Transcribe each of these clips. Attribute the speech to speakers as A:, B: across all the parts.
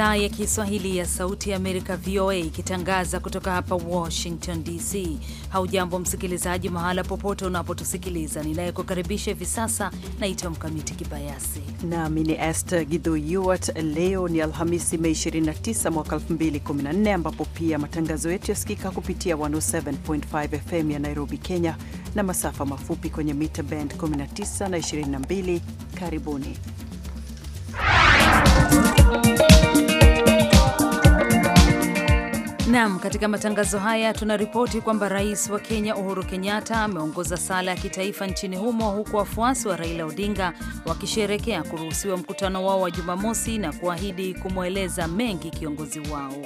A: idhaa ya Kiswahili ya Sauti ya Amerika, VOA, ikitangaza kutoka hapa Washington DC. Haujambo msikilizaji, mahala popote unapotusikiliza. Ninayekukaribisha hivi sasa naitwa Mkamiti Kibayasi
B: nami ni Esther Gidhu Yuart. Leo ni Alhamisi, Mei 29 mwaka 2014, ambapo pia matangazo yetu yasikika kupitia 107.5 FM ya Nairobi, Kenya, na masafa mafupi kwenye mita band 19 na 22. Karibuni.
A: Naam, katika matangazo haya tunaripoti kwamba rais wa Kenya Uhuru Kenyatta ameongoza sala ya kitaifa nchini humo huku wafuasi wa Raila Odinga wakisherekea kuruhusiwa mkutano wao wa Jumamosi na kuahidi kumweleza mengi kiongozi wao.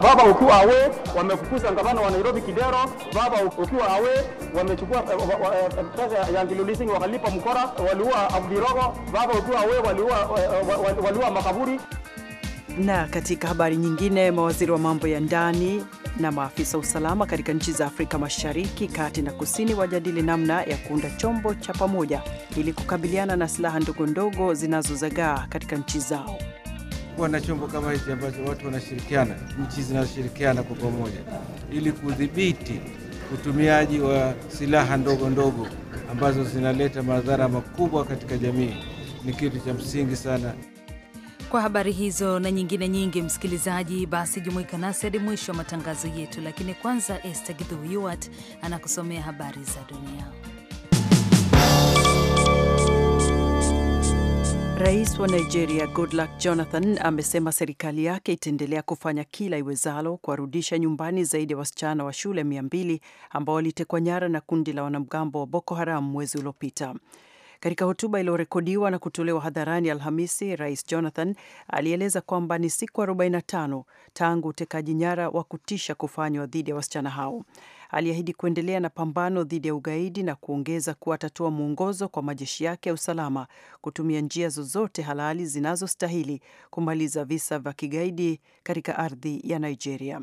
C: Baba ukiwa awe wamefukuza ngavana wa Nairobi Kidero. Baba ukiwa awe wamechukua pesa eh, eh, ya Ngilulising wakalipa mkora, waliua Abdirogo. Baba ukiwa awe waliua
D: eh, makaburi
B: na katika habari nyingine, mawaziri wa mambo ya ndani na maafisa usalama katika nchi za Afrika Mashariki, Kati na Kusini wajadili namna ya kuunda chombo cha pamoja ili kukabiliana na silaha ndogo ndogo zinazozagaa katika nchi zao.
E: Kuwa na chombo kama hichi ambacho watu wanashirikiana, nchi zinashirikiana kwa pamoja ili kudhibiti utumiaji wa silaha ndogo ndogo ambazo zinaleta madhara makubwa katika jamii, ni kitu cha msingi sana.
A: Kwa habari hizo na nyingine nyingi, msikilizaji, basi jumuika nasi hadi mwisho wa matangazo yetu, lakini kwanza Esther Githuwat anakusomea habari za dunia.
B: Rais wa Nigeria Goodluck Jonathan amesema serikali yake itaendelea kufanya kila iwezalo kuwarudisha nyumbani zaidi ya wasichana wa shule 200 ambao walitekwa nyara na kundi la wanamgambo wa Boko Haram mwezi uliopita. Katika hotuba iliyorekodiwa na kutolewa hadharani Alhamisi, Rais Jonathan alieleza kwamba ni siku 45 tangu utekaji nyara wa kutisha kufanywa dhidi ya wasichana hao aliahidi kuendelea na pambano dhidi ya ugaidi na kuongeza kuwa atatoa mwongozo kwa majeshi yake ya usalama kutumia njia zozote halali zinazostahili kumaliza visa vya kigaidi katika ardhi ya Nigeria.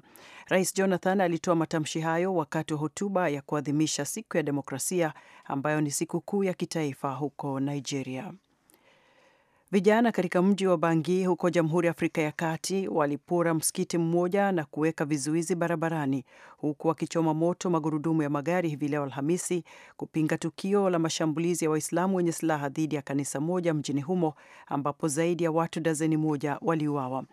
B: Rais Jonathan alitoa matamshi hayo wakati wa hotuba ya kuadhimisha siku ya demokrasia ambayo ni siku kuu ya kitaifa huko Nigeria. Vijana katika mji wa Bangi huko Jamhuri ya Afrika ya Kati walipora msikiti mmoja na kuweka vizuizi barabarani huku wakichoma moto magurudumu ya magari hivi leo Alhamisi kupinga tukio la mashambulizi ya Waislamu wenye silaha dhidi ya kanisa moja mjini humo ambapo zaidi ya watu dazeni moja waliuawa.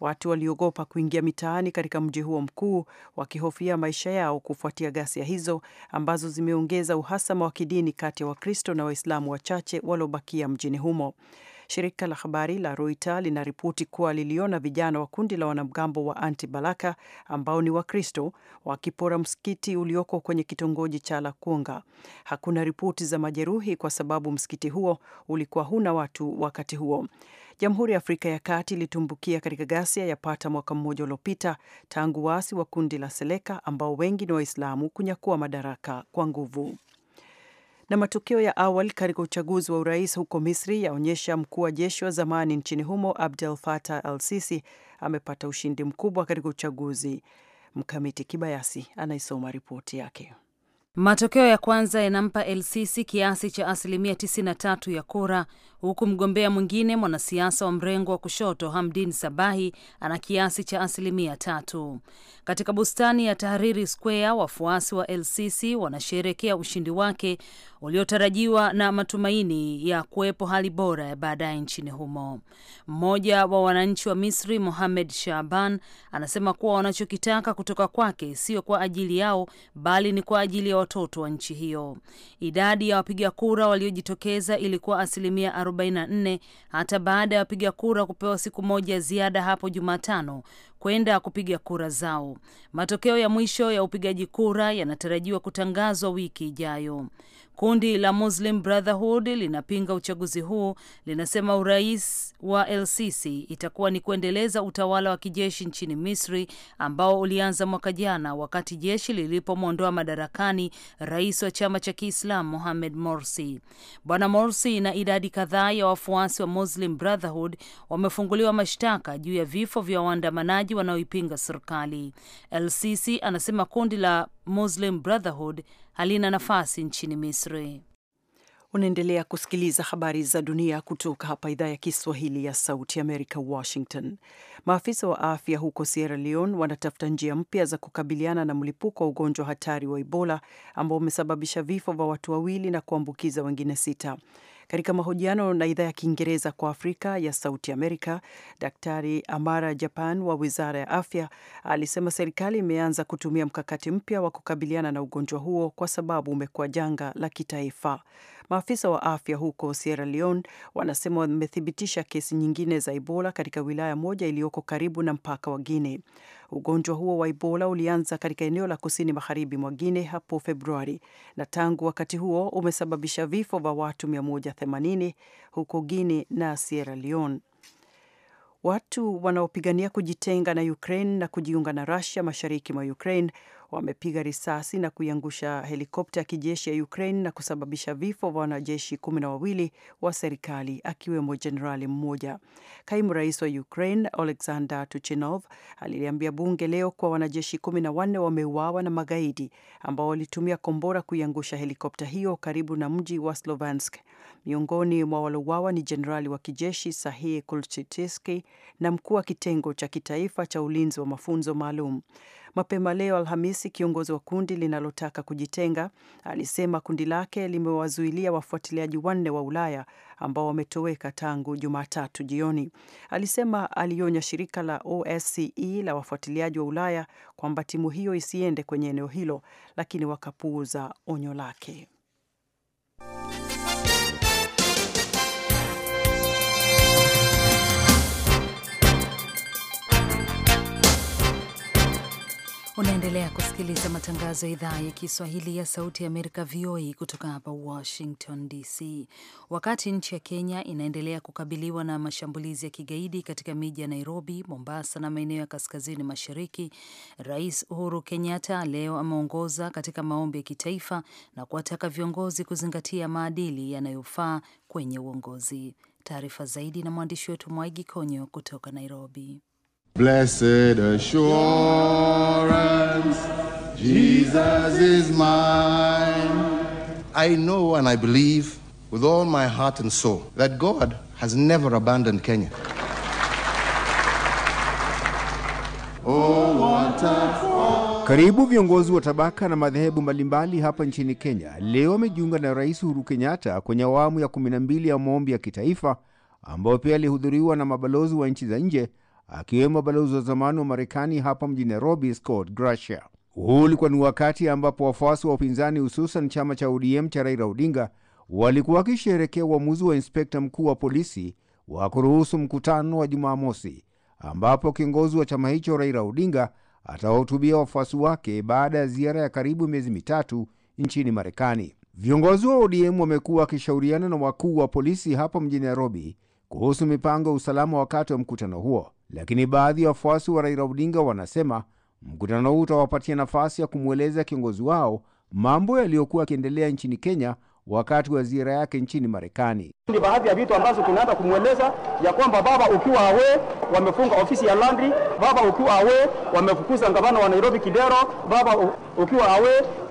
B: Watu waliogopa kuingia mitaani katika mji huo mkuu wakihofia maisha yao kufuatia ghasia hizo ambazo zimeongeza uhasama wa kidini kati ya Wakristo na Waislamu wachache waliobakia mjini humo. Shirika la habari la Reuters linaripoti kuwa liliona vijana wa kundi la wanamgambo wa Anti-Balaka ambao ni Wakristo wakipora msikiti ulioko kwenye kitongoji cha Lakunga. Hakuna ripoti za majeruhi kwa sababu msikiti huo ulikuwa huna watu wakati huo. Jamhuri ya Afrika ya Kati ilitumbukia katika ghasia yapata mwaka mmoja uliopita tangu waasi wa kundi la Seleka ambao wengi ni Waislamu kunyakua madaraka kwa nguvu. Na matokeo ya awali katika uchaguzi wa urais huko Misri yaonyesha mkuu wa jeshi wa zamani nchini humo Abdel Fattah al-Sisi amepata ushindi mkubwa katika uchaguzi. Mkamiti Kibayasi anaisoma ripoti yake.
A: Matokeo ya kwanza yanampa El Sisi kiasi cha asilimia 93 ya kura, huku mgombea mwingine mwanasiasa wa mrengo wa kushoto Hamdin Sabahi ana kiasi cha asilimia tatu. Katika bustani ya Tahariri Square, wafuasi wa lcc sisi ushindi wake uliotarajiwa na matumaini ya kuwepo hali bora ya baadaye nchini humo. Mmoja wa wananchi wa Misri, Mohamed Shaban, anasema kuwa wanachokitaka kutoka kwake sio kwa ajili yao, bali ni kwa ajili ya watoto wa nchi hiyo. Idadi ya wapiga kura waliojitokeza ilikuwa asilimia 44 hata baada ya wapiga kura kupewa siku moja ziada hapo Jumatano kwenda kupiga kura zao. Matokeo ya mwisho ya upigaji kura yanatarajiwa kutangazwa wiki ijayo. Kundi la Muslim Brotherhood linapinga uchaguzi huu, linasema urais wa El-Sisi itakuwa ni kuendeleza utawala wa kijeshi nchini Misri ambao ulianza mwaka jana wakati jeshi lilipomwondoa madarakani rais wa chama cha Kiislamu Mohamed Morsi. Bwana Morsi na idadi kadhaa ya wafuasi wa Muslim Brotherhood wamefunguliwa mashtaka juu ya vifo vya waandamanaji wanaoipinga serikali. El-Sisi anasema kundi la Muslim Brotherhood halina nafasi nchini Misri.
B: Unaendelea kusikiliza habari za dunia kutoka hapa idhaa ya Kiswahili ya Sauti Amerika, Washington. Maafisa wa afya huko Sierra Leone wanatafuta njia mpya za kukabiliana na mlipuko wa ugonjwa hatari wa Ebola ambao umesababisha vifo vya watu wawili na kuambukiza wengine sita. Katika mahojiano na idhaa ya Kiingereza kwa Afrika ya Sauti Amerika, Daktari Amara Japan wa Wizara ya Afya alisema serikali imeanza kutumia mkakati mpya wa kukabiliana na ugonjwa huo kwa sababu umekuwa janga la kitaifa. Maafisa wa afya huko Sierra Leone wanasema wamethibitisha kesi nyingine za Ebola katika wilaya moja iliyoko karibu na mpaka wa Guinea. Ugonjwa huo wa Ebola ulianza katika eneo la kusini magharibi mwa Guinea hapo Februari na tangu wakati huo umesababisha vifo vya watu 180 huko Guinea na Sierra Leone. Watu wanaopigania kujitenga na Ukraine na kujiunga na Russia mashariki mwa Ukraine wamepiga risasi na kuiangusha helikopta ya kijeshi ya Ukraine na kusababisha vifo vya wanajeshi kumi na wawili wa serikali akiwemo jenerali mmoja. Kaimu rais wa Ukraine Oleksandr Tuchinov aliliambia bunge leo kuwa wanajeshi kumi na wanne wameuawa na magaidi ambao walitumia kombora kuiangusha helikopta hiyo karibu na mji wa Slovansk. Miongoni mwa waliouawa ni jenerali wa kijeshi Sahih Kulchitiski na mkuu wa kitengo cha kitaifa cha ulinzi wa mafunzo maalum. Mapema leo Alhamisi, kiongozi wa kundi linalotaka kujitenga alisema kundi lake limewazuilia wafuatiliaji wanne wa Ulaya ambao wametoweka tangu Jumatatu jioni. Alisema alionya shirika la OSCE la wafuatiliaji wa Ulaya kwamba timu hiyo isiende kwenye eneo hilo, lakini wakapuuza onyo lake.
A: Unaendelea kusikiliza matangazo ya idhaa ya Kiswahili ya Sauti ya Amerika, VOA, kutoka hapa Washington DC. Wakati nchi ya Kenya inaendelea kukabiliwa na mashambulizi ya kigaidi katika miji ya Nairobi, Mombasa na maeneo ya kaskazini mashariki, Rais Uhuru Kenyatta leo ameongoza katika maombi ya kitaifa na kuwataka viongozi kuzingatia maadili yanayofaa kwenye uongozi. Taarifa zaidi na mwandishi wetu Mwaigi Konyo kutoka Nairobi.
E: Blessed assurance,
A: Jesus is mine. I know and I
E: believe with all my heart and soul that God has never abandoned Kenya.
F: Oh,
E: karibu viongozi wa tabaka na madhehebu mbalimbali hapa nchini Kenya leo wamejiunga na Rais Uhuru Kenyatta kwenye awamu ya 12 ya maombi ya kitaifa ambayo pia alihudhuriwa na mabalozi wa nchi za nje akiwemo balozi wa zamani wa Marekani hapa mjini Nairobi, Scott Gracia. Huu ulikuwa ni wakati ambapo wafuasi wa upinzani hususan chama cha ODM cha Raila Odinga walikuwa wakisherekea uamuzi wa inspekta mkuu wa polisi wa kuruhusu mkutano wa Jumamosi ambapo kiongozi wa chama hicho Raila Odinga atawahutubia wafuasi wake baada ya ziara ya karibu miezi mitatu nchini Marekani. Viongozi wa ODM wamekuwa wakishauriana na wakuu wa polisi hapa mjini Nairobi kuhusu mipango ya usalama wakati wa mkutano huo lakini baadhi ya wafuasi wa Raila Odinga wanasema mkutano huu utawapatia nafasi ya kumweleza kiongozi wao mambo yaliyokuwa yakiendelea nchini Kenya wakati wa ziara yake nchini Marekani. Ni
C: baadhi ya vitu ambazo tunaanza kumweleza ya kwamba baba, ukiwa
D: awe wamefunga ofisi ya landri, baba, ukiwa awe wamefukuza ngavana wa Nairobi Kidero, baba, ukiwa awe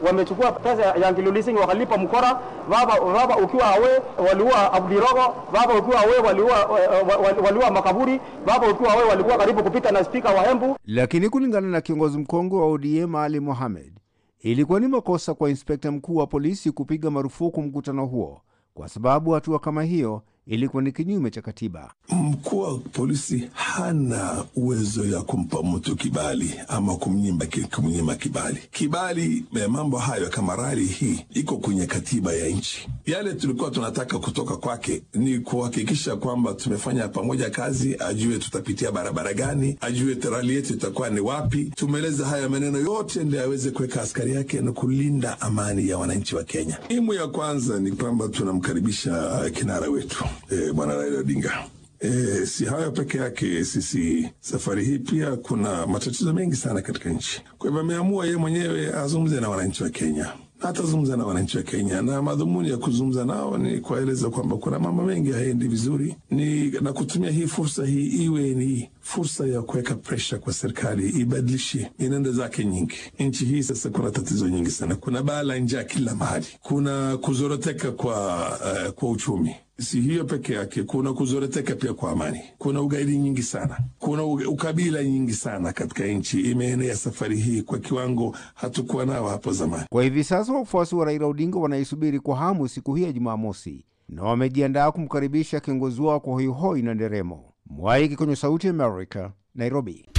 D: wamechukua pesa ya Ngilulising wakalipa mkora, baba,
C: baba, ukiwa awe waliua Abdirogo, baba, ukiwa awe waliua, e, e, waliua makaburi, baba, ukiwa awe walikuwa karibu kupita na spika wa Hembu.
E: Lakini kulingana na kiongozi mkongwe wa ODM Ali Mohamed Ilikuwa ni makosa kwa inspekta mkuu wa polisi kupiga marufuku mkutano huo, kwa sababu hatua kama hiyo ilikuwa ni kinyume cha katiba.
F: Mkuu wa polisi hana uwezo ya kumpa mtu kibali ama kumnyima kumnyima kibali. Kibali ya eh, mambo hayo kama rali hii iko kwenye katiba ya nchi. Yale tulikuwa tunataka kutoka kwake ni kuhakikisha kwamba tumefanya pamoja kazi, ajue tutapitia barabara gani, ajue rali yetu itakuwa ni wapi. Tumeeleza haya maneno yote ndio aweze kuweka askari yake na kulinda amani ya wananchi wa Kenya. imu ya kwanza ni kwamba tunamkaribisha kinara wetu eh, Bwana Raila Odinga. E, si hayo peke yake. Sisi safari hii pia kuna matatizo mengi sana katika nchi. Kwa hivyo ameamua yeye mwenyewe azungumze na wananchi wa Kenya, atazungumza na wananchi wa Kenya, na madhumuni ya kuzungumza nao ni kuwaeleza kwamba kuna mambo mengi haendi vizuri, ni na kutumia hii fursa hii iwe ni fursa ya kuweka presha kwa serikali ibadilishe inenda zake nyingi. Nchi hii sasa kuna tatizo nyingi sana, kuna baa la njaa kila mahali, kuna kuzoroteka kwa, uh, kwa uchumi si hiyo peke yake, kuna kuzoreteka pia kwa amani, kuna ugaidi nyingi sana, kuna ukabila nyingi sana katika nchi imeenea safari hii kwa kiwango hatukuwa nao hapo zamani.
E: Kwa hivi sasa wafuasi wa Raila Odinga wanaisubiri kwa hamu siku hii ya Jumamosi na wamejiandaa kumkaribisha kiongozi wao kwa hoihoi na nderemo. Mwaiki kwenye Sauti ya Amerika, Nairobi.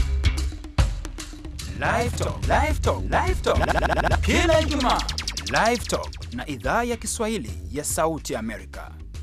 E: Kila Ijumaa Live Talk na idhaa ya Kiswahili ya Sauti Amerika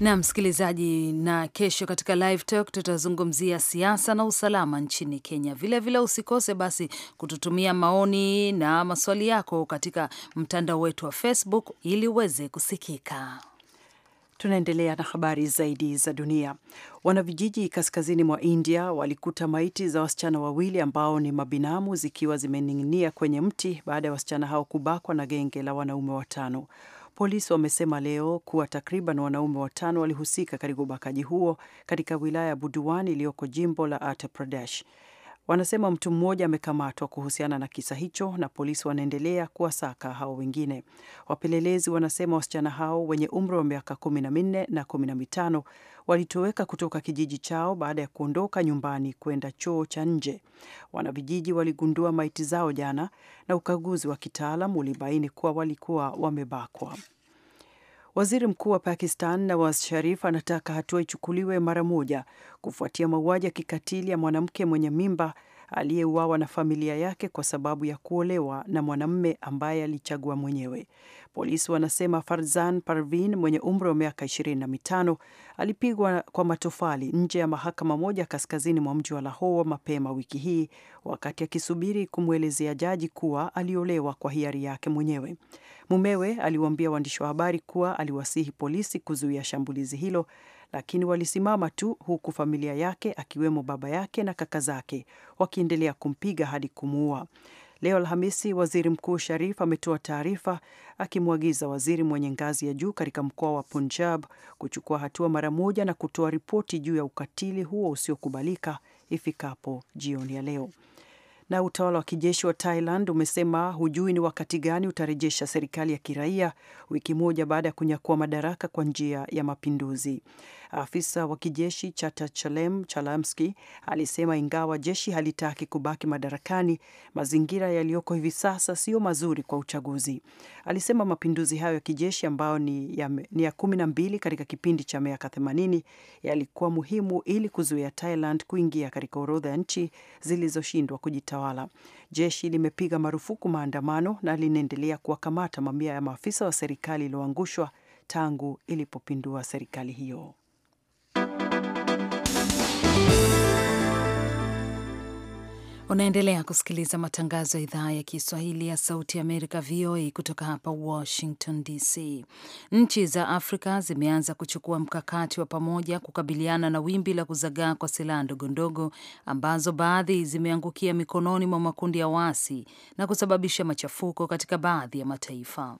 A: Na msikilizaji, na kesho katika live talk tutazungumzia siasa na usalama nchini Kenya. Vilevile vile usikose basi kututumia maoni na maswali yako katika mtandao wetu
B: wa Facebook ili uweze kusikika. Tunaendelea na habari zaidi za dunia. Wanavijiji kaskazini mwa India walikuta maiti za wasichana wawili ambao ni mabinamu zikiwa zimening'inia kwenye mti baada ya wasichana hao kubakwa na genge la wanaume watano. Polisi wamesema leo kuwa takriban wanaume watano walihusika katika ubakaji huo katika wilaya ya Buduan iliyoko jimbo la Uttar Pradesh. Wanasema mtu mmoja amekamatwa kuhusiana na kisa hicho na polisi wanaendelea kuwasaka hao wengine. Wapelelezi wanasema wasichana hao wenye umri wa miaka kumi na minne na kumi na mitano walitoweka kutoka kijiji chao baada ya kuondoka nyumbani kwenda choo cha nje. Wanavijiji waligundua maiti zao jana na ukaguzi wa kitaalam ulibaini kuwa walikuwa wamebakwa. Waziri mkuu wa Pakistan Nawaz Sharif anataka hatua ichukuliwe mara moja kufuatia mauaji ya kikatili ya mwanamke mwenye mimba aliyeuawa na familia yake kwa sababu ya kuolewa na mwanamume ambaye alichagua mwenyewe. Polisi wanasema Farzan Parvin mwenye umri wa miaka 25 alipigwa kwa matofali nje ya mahakama moja kaskazini mwa mji wa Lahore mapema wiki hii wakati akisubiri kumwelezea jaji kuwa aliolewa kwa hiari yake mwenyewe. Mumewe aliwaambia waandishi wa habari kuwa aliwasihi polisi kuzuia shambulizi hilo lakini walisimama tu, huku familia yake akiwemo baba yake na kaka zake wakiendelea kumpiga hadi kumuua. Leo Alhamisi, waziri mkuu Sharif ametoa taarifa akimwagiza waziri mwenye ngazi ya juu katika mkoa wa Punjab kuchukua hatua mara moja na kutoa ripoti juu ya ukatili huo usiokubalika ifikapo jioni ya leo. Na utawala wa kijeshi wa Thailand umesema hujui ni wakati gani utarejesha serikali ya kiraia, wiki moja baada ya kunyakua madaraka kwa njia ya mapinduzi. Afisa wa kijeshi cha Tachalem Chalamski alisema ingawa jeshi halitaki kubaki madarakani, mazingira yaliyoko hivi sasa sio mazuri kwa uchaguzi. Alisema mapinduzi hayo ya kijeshi ambayo ni ya, ni ya kumi na mbili katika kipindi cha miaka 80 yalikuwa muhimu ili kuzuia Thailand kuingia katika orodha ya nchi zilizoshindwa kujitawala. Jeshi limepiga marufuku maandamano na linaendelea kuwakamata mamia ya maafisa wa serikali iliyoangushwa tangu ilipopindua serikali hiyo.
A: Unaendelea kusikiliza matangazo ya idhaa ya Kiswahili ya Sauti ya Amerika, VOA, kutoka hapa Washington DC. Nchi za Afrika zimeanza kuchukua mkakati wa pamoja kukabiliana na wimbi la kuzagaa kwa silaha ndogondogo ambazo baadhi zimeangukia mikononi mwa makundi ya wasi na kusababisha machafuko katika baadhi ya mataifa.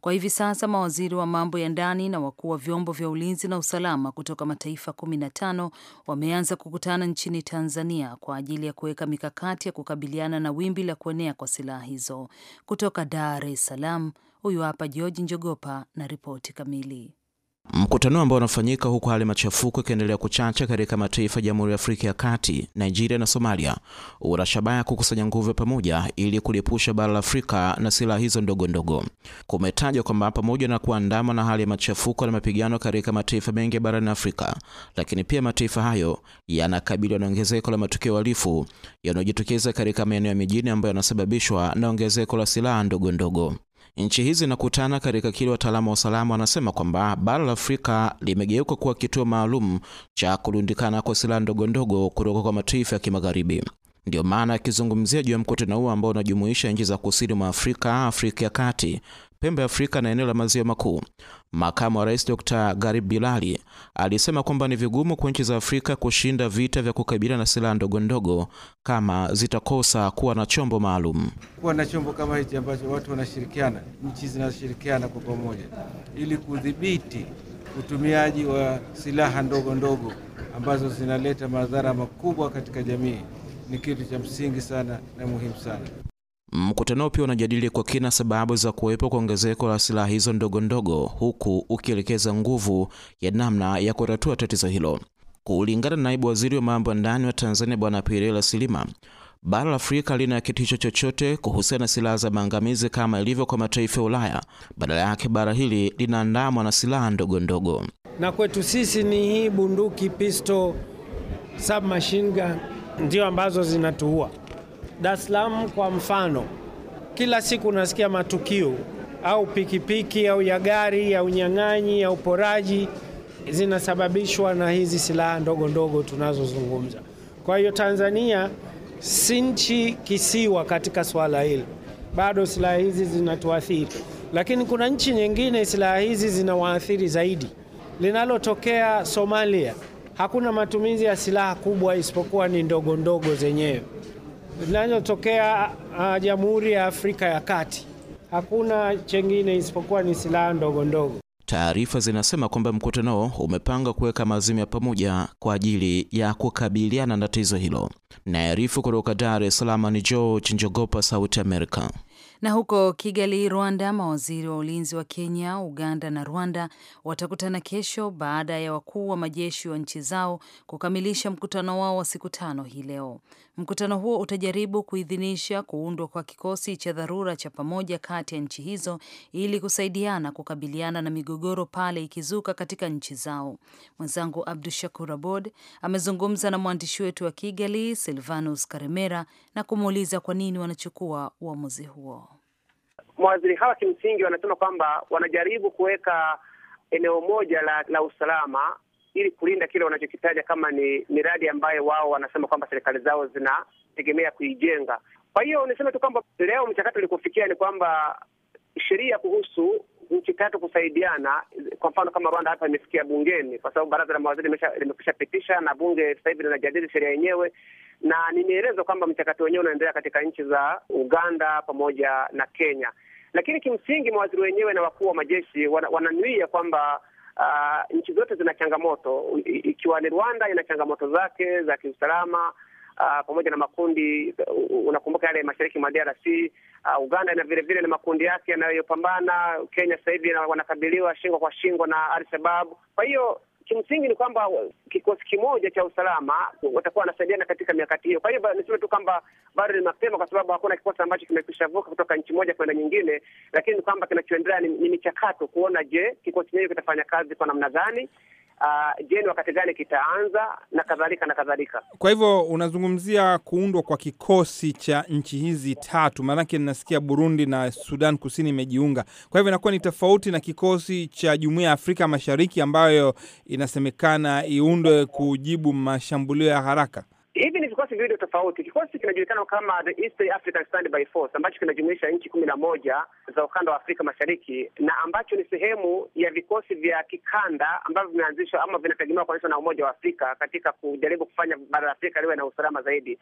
A: Kwa hivi sasa mawaziri wa mambo ya ndani na wakuu wa vyombo vya ulinzi na usalama kutoka mataifa 15 wameanza kukutana nchini Tanzania kwa ajili ya kuweka mikakati mikakati ya kukabiliana na wimbi la kuenea kwa silaha hizo. Kutoka Dar es Salaam, huyu hapa George Njogopa na ripoti kamili.
G: Mkutano ambao unafanyika huku hali machafuko ikiendelea kuchacha katika mataifa ya Jamhuri ya Afrika ya Kati, Nigeria na Somalia una shabaha ya kukusanya nguvu pamoja ili kuliepusha bara la Afrika na silaha hizo ndogo ndogo. Kumetajwa kwamba pamoja na kuandama na hali ya machafuko na mapigano katika mataifa mengi ya barani Afrika, lakini pia mataifa hayo yanakabiliwa na ongezeko la matukio halifu yanayojitokeza katika maeneo ya mijini ambayo yanasababishwa na ongezeko la silaha ndogo ndogo. Nchi hizi zinakutana katika kile wataalamu wa usalama wanasema kwamba bara la Afrika limegeuka kuwa kituo maalum cha kurundikana kwa silaha ndogondogo kutoka kwa mataifa ya kimagharibi. Ndiyo maana akizungumzia juu ya mkutano huo ambao unajumuisha nchi za kusini mwa Afrika, Afrika ya Kati, pembe ya Afrika na eneo la maziwa makuu. Makamu wa Rais Dr. Garib Bilali alisema kwamba ni vigumu kwa nchi za Afrika kushinda vita vya kukabiliana na silaha ndogo ndogo kama zitakosa kuwa na chombo maalum.
E: Kuwa na chombo kama hichi ambacho watu wanashirikiana, nchi zinashirikiana kwa pamoja ili kudhibiti utumiaji wa silaha ndogo ndogo ambazo zinaleta madhara makubwa katika jamii ni kitu cha msingi sana na muhimu sana.
G: Mkutano pia unajadili kwa kina sababu za kuwepo kwa ongezeko la silaha hizo ndogo ndogo, huku ukielekeza nguvu ya namna ya kutatua tatizo hilo. Kulingana na naibu waziri wa mambo ya ndani wa Tanzania Bwana pirela Silima, bara la Afrika lina kitisho chochote kuhusiana na silaha za maangamizi kama ilivyo kwa mataifa ya Ulaya. Badala yake, bara hili linaandamwa na silaha ndogo ndogo,
D: na kwetu sisi ni hii bunduki, pisto, submachine gun ndio ambazo zinatuua. Dar es Salaam kwa mfano, kila siku unasikia matukio au pikipiki au ya gari ya unyang'anyi au uporaji zinasababishwa na hizi silaha ndogo ndogo tunazozungumza. Kwa hiyo Tanzania si nchi kisiwa katika swala hili, bado silaha hizi zinatuathiri, lakini kuna nchi nyingine silaha hizi zinawaathiri zaidi. Linalotokea Somalia, hakuna matumizi ya silaha kubwa isipokuwa ni ndogo ndogo zenyewe linalotokea uh, ah, Jamhuri ya Afrika ya Kati. Hakuna chengine isipokuwa ni silaha ndogo ndogo.
G: Taarifa zinasema kwamba mkutano umepanga kuweka maazimio ya pamoja kwa ajili ya kukabiliana na tatizo hilo. Naarifu kutoka Dar es Salaam ni George Njogopa, Sauti Amerika.
A: Na huko Kigali, Rwanda, mawaziri wa ulinzi wa Kenya, Uganda na Rwanda watakutana kesho baada ya wakuu wa majeshi wa nchi zao kukamilisha mkutano wao wa siku tano hii leo. Mkutano huo utajaribu kuidhinisha kuundwa kwa kikosi cha dharura cha pamoja kati ya nchi hizo ili kusaidiana kukabiliana na migogoro pale ikizuka katika nchi zao. Mwenzangu Abdu Shakur Abod amezungumza na mwandishi wetu wa Kigali, Silvanus Karemera, na kumuuliza kwa nini wanachukua uamuzi huo
C: mawaziri hawa kimsingi wanasema kwamba wanajaribu kuweka eneo moja la, la usalama ili kulinda kile wanachokitaja kama ni miradi ambayo wao wanasema kwamba serikali zao zinategemea kuijenga. Kwa hiyo niseme tu kwamba leo mchakato ulikufikia ni kwamba sheria kuhusu nchi tatu kusaidiana, kwa mfano kama Rwanda hapa imefikia bungeni, kwa sababu baraza la mawaziri limekwisha pitisha na bunge sasa hivi linajadili sheria yenyewe, na nimeelezwa kwamba mchakato wenyewe unaendelea katika nchi za Uganda pamoja na Kenya. Lakini kimsingi mawaziri wenyewe na wakuu wa majeshi wananuia kwamba uh, nchi zote zina changamoto, ikiwa ni Rwanda ina changamoto zake za kiusalama Uh, pamoja na makundi unakumbuka yale mashariki mwa DRC. Uh, ah, Uganda ina vile vile na makundi yake yanayopambana. Kenya sasa hivi wanakabiliwa shingo kwa shingo na Al Shabaab. Kwa hiyo kimsingi ni kwamba kikosi kimoja cha usalama watakuwa wanasaidiana katika miakati hiyo. Kwa hiyo niseme tu kwamba bado ni mapema, kwa sababu hakuna kikosi ambacho kimekwisha vuka kutoka nchi moja kwenda nyingine, lakini ni kwamba kinachoendelea ni michakato kuona, je, kikosi chenyewe kitafanya kazi kwa namna gani uh, je, ni wakati gani kitaanza na kadhalika na kadhalika.
E: Kwa hivyo unazungumzia kuundwa kwa kikosi cha nchi hizi tatu, maanake ninasikia Burundi na Sudan Kusini imejiunga. Kwa hivyo inakuwa ni tofauti na kikosi cha Jumuiya ya Afrika Mashariki ambayo inasemekana iundwe kujibu mashambulio ya haraka
C: kikosi viwili tofauti. Kikosi kinajulikana kama the East African Standby Force ambacho kinajumuisha nchi kumi na moja za ukanda wa Afrika Mashariki na ambacho ni sehemu ya vikosi vya kikanda ambavyo vimeanzishwa ama vinategemewa kuanzishwa na Umoja wa Afrika katika kujaribu kufanya bara la Afrika liwe na usalama zaidi.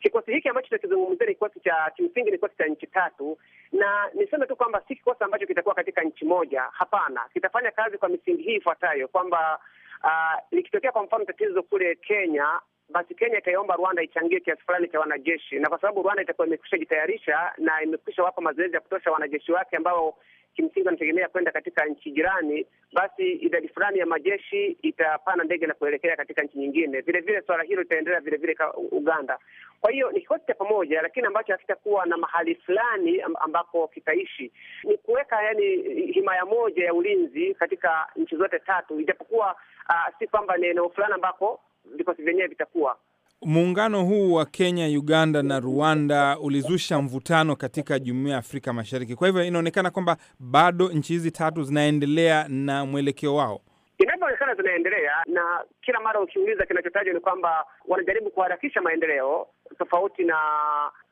C: Kikosi hiki ambacho tunakizungumzia ni kikosi cha kimsingi, ni kikosi cha nchi tatu, na niseme tu kwamba si kikosi ambacho kitakuwa katika nchi moja. Hapana, kitafanya kazi kwa misingi hii ifuatayo kwamba Uh, ah, likitokea kwa mfano tatizo kule Kenya basi Kenya ikaiomba Rwanda ichangie kiasi fulani cha wanajeshi, na kwa sababu Rwanda itakuwa imekwisha jitayarisha na imekwisha wapa mazoezi ya kutosha wanajeshi wake ambao kimsingi wanategemea kwenda katika nchi jirani, basi idadi fulani ya majeshi itapana ndege na kuelekea katika nchi nyingine. Vile vile swala hilo litaendelea vile vile Uganda. Kwa hiyo ni kikosi cha pamoja, lakini ambacho hakitakuwa na mahali fulani ambako kitaishi. Ni kuweka yani himaya moja ya ulinzi katika nchi zote tatu, ijapokuwa uh, si kwamba ni eneo fulani ambako vikosi vyenyewe vitakuwa.
E: Muungano huu wa Kenya, Uganda na Rwanda ulizusha mvutano katika jumuiya ya Afrika Mashariki. Kwa hivyo inaonekana kwamba bado nchi hizi tatu zinaendelea na mwelekeo wao
C: inavyoonekana zinaendelea, na kila mara ukiuliza, kinachotajwa ni kwamba wanajaribu kuharakisha maendeleo tofauti na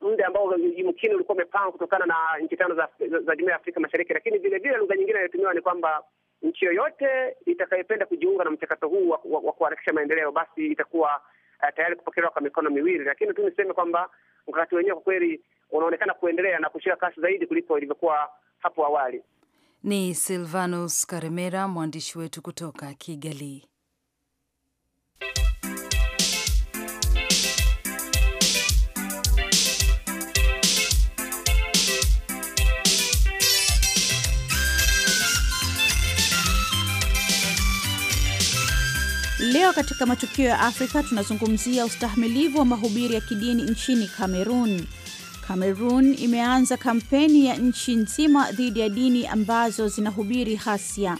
C: muda ambao yumkini ulikuwa umepangwa kutokana na nchi tano za, za, za jumuiya ya Afrika Mashariki. Lakini vilevile lugha nyingine inayotumiwa ni kwamba nchi yoyote itakayopenda kujiunga na mchakato huu wa, wa, wa kuharakisha maendeleo basi itakuwa uh, tayari kupokelewa kwa mikono miwili, lakini tu niseme kwamba mkakati wenyewe kwa kweli unaonekana kuendelea na kushika kasi zaidi kuliko ilivyokuwa hapo awali.
A: Ni Silvanus Karemera, mwandishi wetu kutoka Kigali.
B: Leo
H: katika matukio ya Afrika tunazungumzia ustahmilivu wa mahubiri ya kidini nchini Kamerun. Kamerun imeanza kampeni ya nchi nzima dhidi ya dini ambazo zinahubiri ghasia.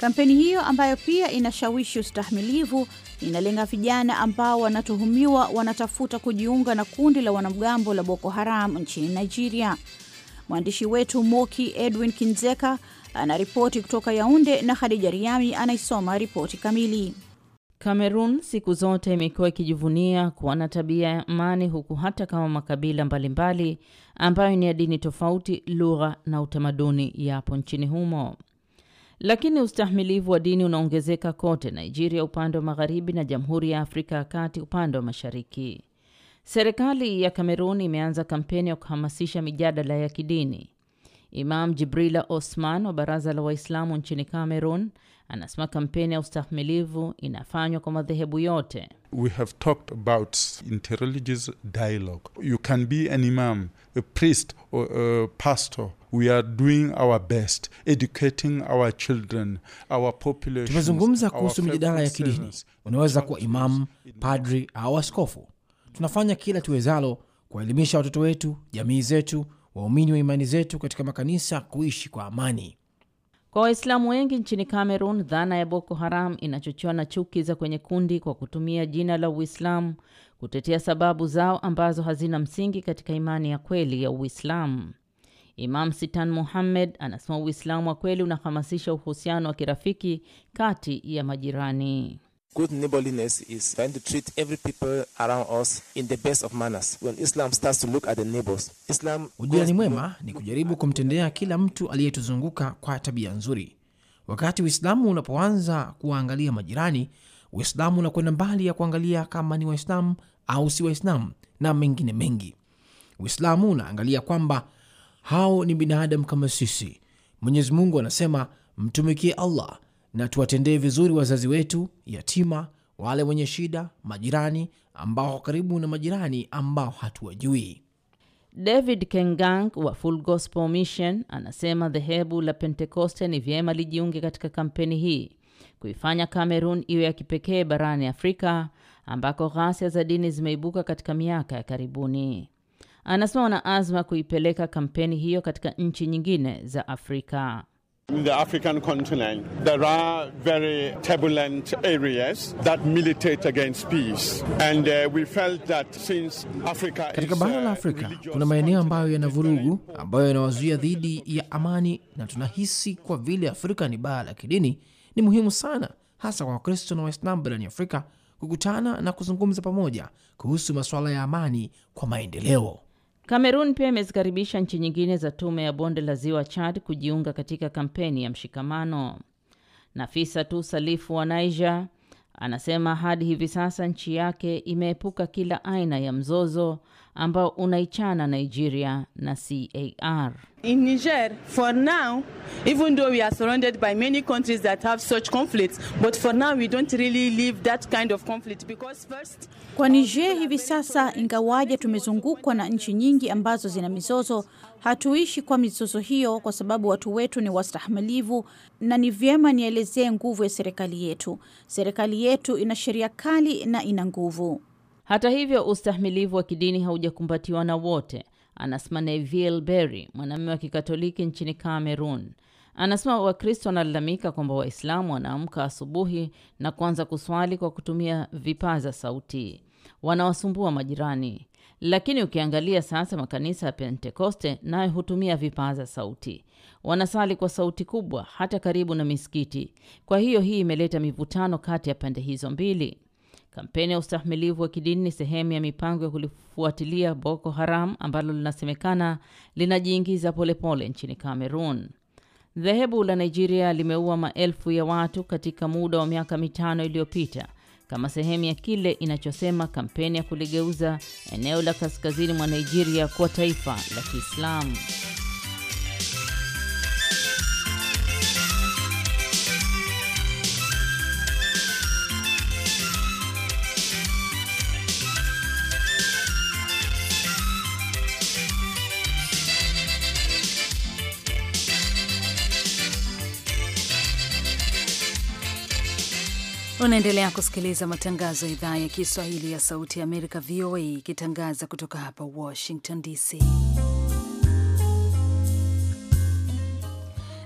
H: Kampeni hiyo ambayo pia inashawishi ustahmilivu inalenga vijana ambao wanatuhumiwa wanatafuta kujiunga na kundi la wanamgambo la Boko Haram nchini Nigeria. Mwandishi wetu Moki Edwin Kinzeka anaripoti kutoka Yaunde na Khadija Riami anaisoma ripoti kamili. Kamerun siku zote imekuwa ikijivunia kuwa na tabia ya amani, huku hata kama makabila mbalimbali mbali, ambayo ni ya dini tofauti, lugha na utamaduni yapo nchini humo, lakini ustahimilivu wa dini unaongezeka kote Nigeria upande wa magharibi na Jamhuri ya Afrika ya Kati upande wa mashariki. Serikali ya Kamerun imeanza kampeni ya kuhamasisha mijadala ya kidini. Imam Jibrila Osman wa Baraza la Waislamu nchini Kamerun Anasema kampeni ya ustahmilivu inafanywa kwa madhehebu yote.
E: We have talked about interreligious dialogue. You can be an imam, a priest or a pastor. We are doing our best educating our children, our population. Tumezungumza kuhusu mijadala ya kidini. Unaweza kuwa
D: imamu, padri au askofu. Tunafanya kila tuwezalo kuwaelimisha watoto wetu, jamii zetu, waumini wa imani zetu katika makanisa kuishi kwa amani.
H: Kwa Waislamu wengi nchini Cameroon, dhana ya Boko Haram inachochewa na chuki za kwenye kundi kwa kutumia jina la Uislamu kutetea sababu zao ambazo hazina msingi katika imani ya kweli ya Uislamu. Imam Sitan muhammed anasema Uislamu wa kweli unahamasisha uhusiano wa kirafiki kati ya majirani.
G: Good neighborliness is trying to treat every people around us in the best of manners. When Islam starts to look at the neighbors,
D: Islam... Ujirani mwema ni kujaribu kumtendea kila mtu aliyetuzunguka kwa tabia nzuri. Wakati Uislamu unapoanza kuwaangalia majirani, Uislamu unakwenda mbali ya kuangalia kama ni Waislamu au si Waislamu na mengine mengi. Uislamu unaangalia kwamba hao ni binadamu kama sisi. Mwenyezi Mungu anasema mtumikie Allah na tuwatendee vizuri wazazi wetu, yatima, wale
H: wenye shida,
D: majirani ambao karibu na majirani ambao hatuwajui.
H: David Kengang wa Full Gospel Mission anasema dhehebu la Pentekoste ni vyema lijiunge katika kampeni hii kuifanya Kamerun iwe ya kipekee barani Afrika ambako ghasia za dini zimeibuka katika miaka ya karibuni. Anasema wana azma kuipeleka kampeni hiyo katika nchi nyingine za Afrika.
F: The African continent, there are very turbulent areas that militate against peace. And uh, we felt that since Africa Katika bara la uh,
D: Afrika kuna maeneo ambayo yana vurugu uh, ambayo yanawazuia dhidi ya amani, na tunahisi kwa vile Afrika ni bara la kidini, ni muhimu sana hasa kwa Wakristo na Waislamu barani Afrika
H: kukutana na kuzungumza
D: pamoja kuhusu masuala ya amani kwa maendeleo.
H: Kamerun pia imezikaribisha nchi nyingine za tume ya bonde la ziwa Chad kujiunga katika kampeni ya mshikamano. Nafisa Tu Salifu wa Niger anasema hadi hivi sasa nchi yake imeepuka kila aina ya mzozo ambao unaichana Nigeria na CAR. In Niger, for now, even though we
B: are surrounded by many countries that have such conflicts, but for now we don't really live that kind of conflict because first...
H: Kwa Niger hivi sasa, ingawaje tumezungukwa na nchi nyingi ambazo zina mizozo, hatuishi kwa mizozo hiyo kwa sababu watu wetu ni wastahimilivu, na ni vyema nielezee nguvu ya serikali yetu. Serikali yetu ina sheria kali na ina nguvu. Hata hivyo, ustahimilivu wa kidini haujakumbatiwa na wote, anasema Neville Berry, mwanamume wa Kikatoliki nchini Cameroon. Anasema Wakristo wanalalamika kwamba Waislamu wanaamka asubuhi na kuanza kuswali kwa kutumia vipaza sauti, wanawasumbua majirani. Lakini ukiangalia sasa, makanisa ya Pentekoste nayo hutumia vipaza sauti, wanasali kwa sauti kubwa, hata karibu na misikiti. Kwa hiyo hii imeleta mivutano kati ya pande hizo mbili. Kampeni ya ustahimilivu wa kidini ni sehemu ya mipango ya kulifuatilia Boko Haram ambalo linasemekana linajiingiza polepole nchini Cameroon. Dhehebu la Nigeria limeua maelfu ya watu katika muda wa miaka mitano iliyopita kama sehemu ya kile inachosema kampeni ya kuligeuza eneo la kaskazini mwa Nigeria kuwa taifa la Kiislamu.
A: Unaendelea kusikiliza matangazo ya idhaa ya Kiswahili ya Sauti ya Amerika, VOA, ikitangaza kutoka hapa Washington DC.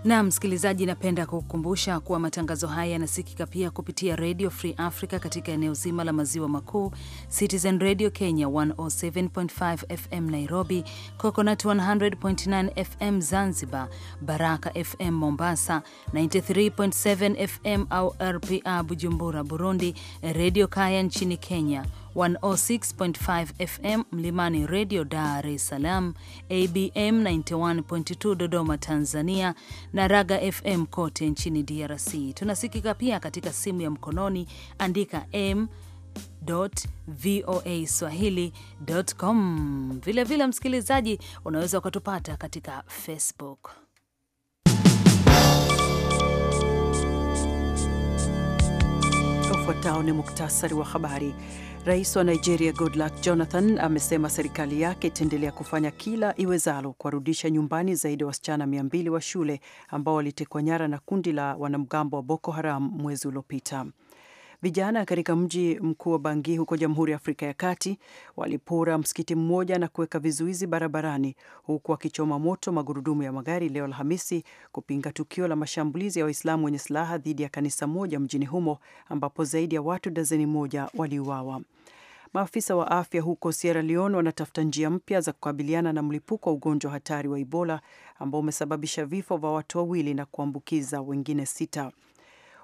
A: Na msikilizaji, napenda kukukumbusha kuwa matangazo haya yanasikika pia kupitia Radio Free Africa katika eneo zima la maziwa makuu, Citizen Radio Kenya 107.5 FM Nairobi, Coconut 100.9 FM Zanzibar, Baraka FM Mombasa 93.7 FM au RPA Bujumbura, Burundi, Radio Kaya nchini Kenya 106.5 FM Mlimani Radio Dar es Salaam, ABM 91.2 Dodoma Tanzania, na Raga FM kote nchini DRC. Tunasikika pia katika simu ya mkononi, andika m voa swahili.com. Vilevile msikilizaji, unaweza ukatupata katika Facebook.
B: Ufuatao ni muktasari wa habari. Rais wa Nigeria Goodluck Jonathan amesema serikali yake itaendelea kufanya kila iwezalo kuwarudisha nyumbani zaidi ya wasichana 200 wa shule ambao walitekwa nyara na kundi la wanamgambo wa Boko Haram mwezi uliopita. Vijana katika mji mkuu wa Bangi huko Jamhuri ya Afrika ya Kati walipora msikiti mmoja na kuweka vizuizi barabarani huku wakichoma moto magurudumu ya magari leo Alhamisi kupinga tukio la mashambulizi ya Waislamu wenye silaha dhidi ya kanisa moja mjini humo ambapo zaidi ya watu dazeni moja waliuawa. Maafisa wa afya huko Sierra Leone wanatafuta njia mpya za kukabiliana na mlipuko wa ugonjwa hatari wa Ebola ambao umesababisha vifo vya watu wawili na kuambukiza wengine sita.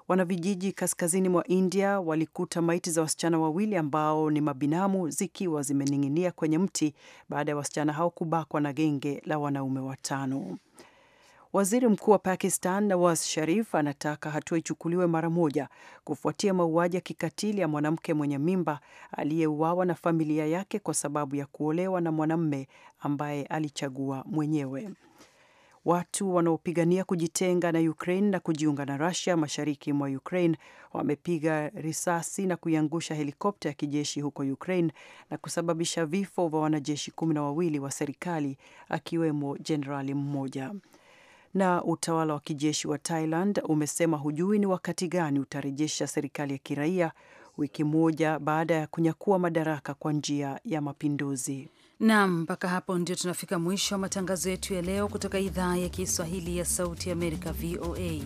B: Wanavijiji kaskazini mwa India walikuta maiti za wasichana wawili ambao ni mabinamu zikiwa zimening'inia kwenye mti baada ya wasichana hao kubakwa na genge la wanaume watano. Waziri Mkuu wa Pakistan Nawaz Sharif anataka hatua ichukuliwe mara moja kufuatia mauaji ya kikatili ya mwanamke mwenye mimba aliyeuawa na familia yake kwa sababu ya kuolewa na mwanamme ambaye alichagua mwenyewe. Watu wanaopigania kujitenga na Ukraine na kujiunga na Russia mashariki mwa Ukraine wamepiga risasi na kuiangusha helikopta ya kijeshi huko Ukraine na kusababisha vifo vya wanajeshi kumi na wawili wa serikali akiwemo jenerali mmoja. Na utawala wa kijeshi wa Thailand umesema hujui ni wakati gani utarejesha serikali ya kiraia, wiki moja baada ya kunyakua madaraka kwa njia ya mapinduzi. Naam, mpaka hapo ndio
A: tunafika mwisho wa matangazo yetu ya leo kutoka idhaa ya Kiswahili ya Sauti Amerika, VOA.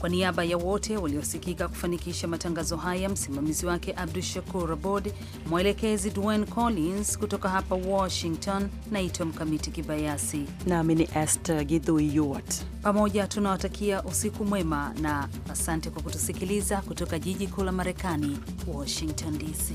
A: Kwa niaba ya wote waliosikika kufanikisha matangazo haya, msimamizi wake Abdu Shakur Abod, mwelekezi Dwayne Collins. Kutoka hapa Washington, naitwa Mkamiti Kibayasi
B: nami ni Esther Githu
A: Pamoja tunawatakia usiku mwema na asante kwa kutusikiliza kutoka jiji kuu la Marekani, Washington DC.